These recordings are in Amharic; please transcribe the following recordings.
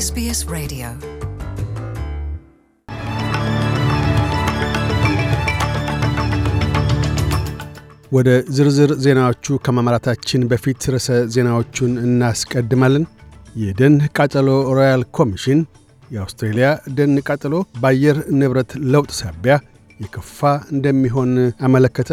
SBS Radio ወደ ዝርዝር ዜናዎቹ ከማምራታችን በፊት ርዕሰ ዜናዎቹን እናስቀድማለን። የደን ቃጠሎ ሮያል ኮሚሽን የአውስትሬልያ ደን ቃጠሎ በአየር ንብረት ለውጥ ሳቢያ የከፋ እንደሚሆን አመለከተ።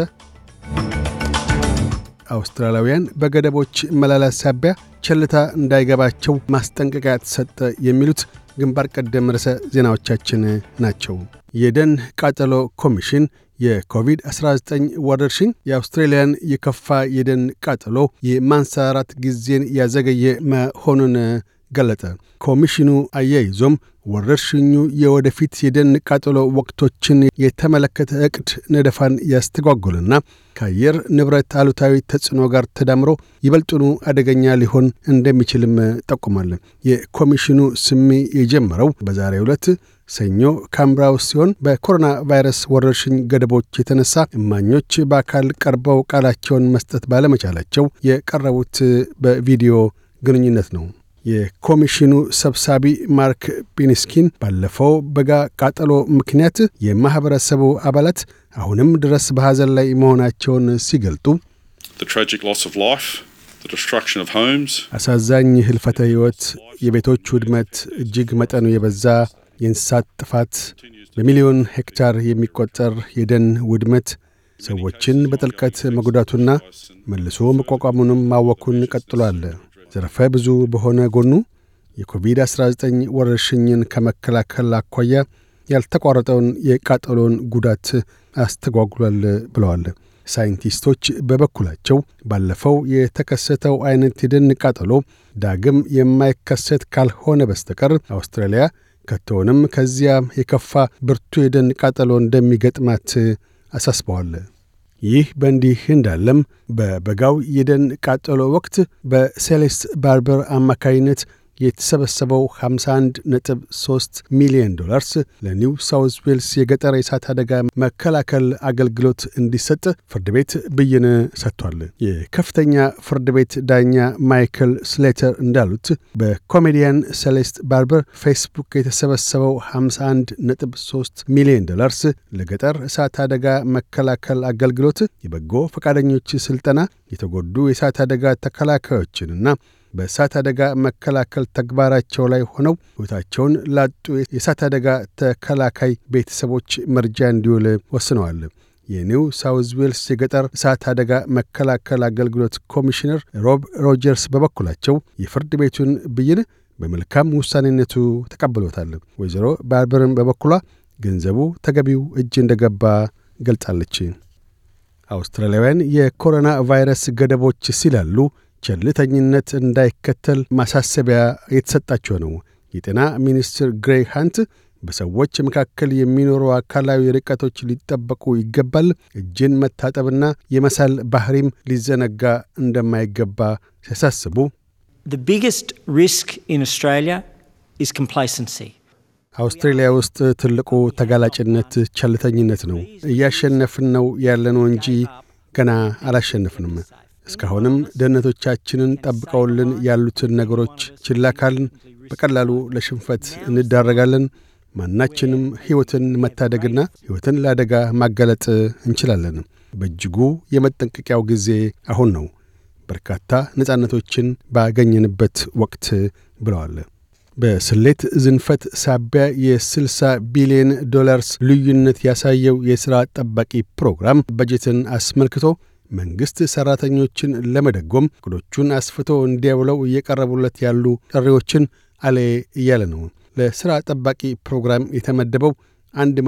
አውስትራሊያውያን በገደቦች መላላት ሳቢያ ቸልታ እንዳይገባቸው ማስጠንቀቂያ ተሰጠ። የሚሉት ግንባር ቀደም ርዕሰ ዜናዎቻችን ናቸው። የደን ቃጠሎ ኮሚሽን የኮቪድ-19 ወረርሽኝ የአውስትሬልያን የከፋ የደን ቃጠሎ የማንሰራራት ጊዜን ያዘገየ መሆኑን ገለጠ። ኮሚሽኑ አያይዞም ወረርሽኙ የወደፊት የደን ቃጠሎ ወቅቶችን የተመለከተ እቅድ ነደፋን ያስተጓጉልና ከአየር ንብረት አሉታዊ ተጽዕኖ ጋር ተዳምሮ ይበልጡኑ አደገኛ ሊሆን እንደሚችልም ጠቁማል። የኮሚሽኑ ስሚ የጀመረው በዛሬ ዕለት ሰኞ ካምብራ ውስጥ ሲሆን በኮሮና ቫይረስ ወረርሽኝ ገደቦች የተነሳ እማኞች በአካል ቀርበው ቃላቸውን መስጠት ባለመቻላቸው የቀረቡት በቪዲዮ ግንኙነት ነው። የኮሚሽኑ ሰብሳቢ ማርክ ቢንስኪን ባለፈው በጋ ቃጠሎ ምክንያት የማኅበረሰቡ አባላት አሁንም ድረስ በሐዘን ላይ መሆናቸውን ሲገልጡ አሳዛኝ ህልፈተ ሕይወት፣ የቤቶች ውድመት እጅግ መጠኑ የበዛ የእንስሳት ጥፋት፣ በሚሊዮን ሄክታር የሚቆጠር የደን ውድመት ሰዎችን በጥልቀት መጉዳቱና መልሶ መቋቋሙንም ማወኩን ቀጥሏል። ዘርፈ ብዙ በሆነ ጎኑ የኮቪድ-19 ወረርሽኝን ከመከላከል አኳያ ያልተቋረጠውን የቃጠሎን ጉዳት አስተጓጉሏል ብለዋል። ሳይንቲስቶች በበኩላቸው ባለፈው የተከሰተው አይነት የደን ቃጠሎ ዳግም የማይከሰት ካልሆነ በስተቀር አውስትራሊያ ከቶውንም ከዚያ የከፋ ብርቱ የደን ቃጠሎ እንደሚገጥማት አሳስበዋል። ይህ በእንዲህ እንዳለም በበጋው የደን ቃጠሎ ወቅት በሴሌስት ባርበር አማካይነት የተሰበሰበው 51.3 ሚሊዮን ዶላርስ ለኒው ሳውዝ ዌልስ የገጠር የእሳት አደጋ መከላከል አገልግሎት እንዲሰጥ ፍርድ ቤት ብይን ሰጥቷል። የከፍተኛ ፍርድ ቤት ዳኛ ማይክል ስሌተር እንዳሉት በኮሜዲያን ሴሌስት ባርበር ፌስቡክ የተሰበሰበው 51.3 ሚሊዮን ዶላርስ ለገጠር እሳት አደጋ መከላከል አገልግሎት የበጎ ፈቃደኞች ስልጠና የተጎዱ የእሳት አደጋ ተከላካዮችንና በእሳት አደጋ መከላከል ተግባራቸው ላይ ሆነው ሕይወታቸውን ላጡ የእሳት አደጋ ተከላካይ ቤተሰቦች መርጃ እንዲውል ወስነዋል። የኒው ሳውዝ ዌልስ የገጠር እሳት አደጋ መከላከል አገልግሎት ኮሚሽነር ሮብ ሮጀርስ በበኩላቸው የፍርድ ቤቱን ብይን በመልካም ውሳኔነቱ ተቀብሎታል። ወይዘሮ ባርበርን በበኩሏ ገንዘቡ ተገቢው እጅ እንደገባ ገልጻለች። አውስትራሊያውያን የኮሮና ቫይረስ ገደቦች ሲላሉ ቸልተኝነት እንዳይከተል ማሳሰቢያ የተሰጣቸው ነው። የጤና ሚኒስትር ግሬ ሃንት በሰዎች መካከል የሚኖሩ አካላዊ ርቀቶች ሊጠበቁ ይገባል፣ እጅን መታጠብና የመሳል ባህሪም ሊዘነጋ እንደማይገባ ሲያሳስቡ አውስትሬልያ ውስጥ ትልቁ ተጋላጭነት ቸልተኝነት ነው። እያሸነፍን ነው ያለነው እንጂ ገና አላሸነፍንም። እስካሁንም ደህንነቶቻችንን ጠብቀውልን ያሉትን ነገሮች ችላ ካልን በቀላሉ ለሽንፈት እንዳረጋለን። ማናችንም ሕይወትን መታደግና ሕይወትን ለአደጋ ማጋለጥ እንችላለን። በእጅጉ የመጠንቀቂያው ጊዜ አሁን ነው፣ በርካታ ነጻነቶችን ባገኘንበት ወቅት ብለዋል። በስሌት ዝንፈት ሳቢያ የ60 ቢሊዮን ዶላርስ ልዩነት ያሳየው የሥራ ጠባቂ ፕሮግራም በጀትን አስመልክቶ መንግሥት ሠራተኞችን ለመደጎም እቅዶቹን አስፍቶ እንዲያውለው እየቀረቡለት ያሉ ጥሪዎችን አሌ እያለ ነው። ለሥራ ጠባቂ ፕሮግራም የተመደበው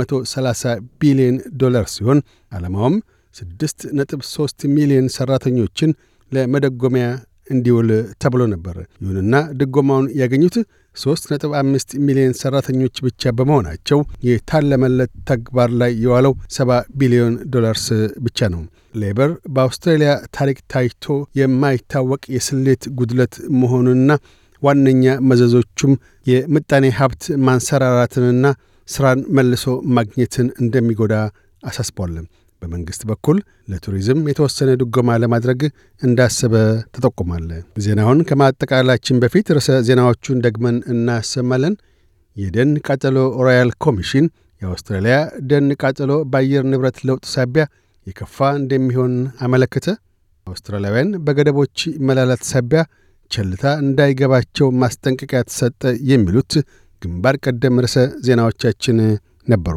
130 ቢሊዮን ዶላር ሲሆን ዓላማውም 6.3 ሚሊዮን ሠራተኞችን ለመደጎሚያ እንዲውል ተብሎ ነበር። ይሁንና ድጎማውን ያገኙት 3.5 ሚሊዮን ሠራተኞች ብቻ በመሆናቸው የታለመለት ተግባር ላይ የዋለው 70 ቢሊዮን ዶላርስ ብቻ ነው። ሌበር በአውስትራሊያ ታሪክ ታይቶ የማይታወቅ የስሌት ጉድለት መሆኑንና ዋነኛ መዘዞቹም የምጣኔ ሀብት ማንሰራራትንና ሥራን መልሶ ማግኘትን እንደሚጎዳ አሳስቧል። በመንግሥት በኩል ለቱሪዝም የተወሰነ ድጎማ ለማድረግ እንዳሰበ ተጠቁማል። ዜናውን ከማጠቃላችን በፊት ርዕሰ ዜናዎቹን ደግመን እናሰማለን። የደን ቃጠሎ ሮያል ኮሚሽን የአውስትራሊያ ደን ቃጠሎ በአየር ንብረት ለውጥ ሳቢያ የከፋ እንደሚሆን አመለከተ። አውስትራሊያውያን በገደቦች መላላት ሳቢያ ቸልታ እንዳይገባቸው ማስጠንቀቂያ ተሰጠ። የሚሉት ግንባር ቀደም ርዕሰ ዜናዎቻችን ነበሩ።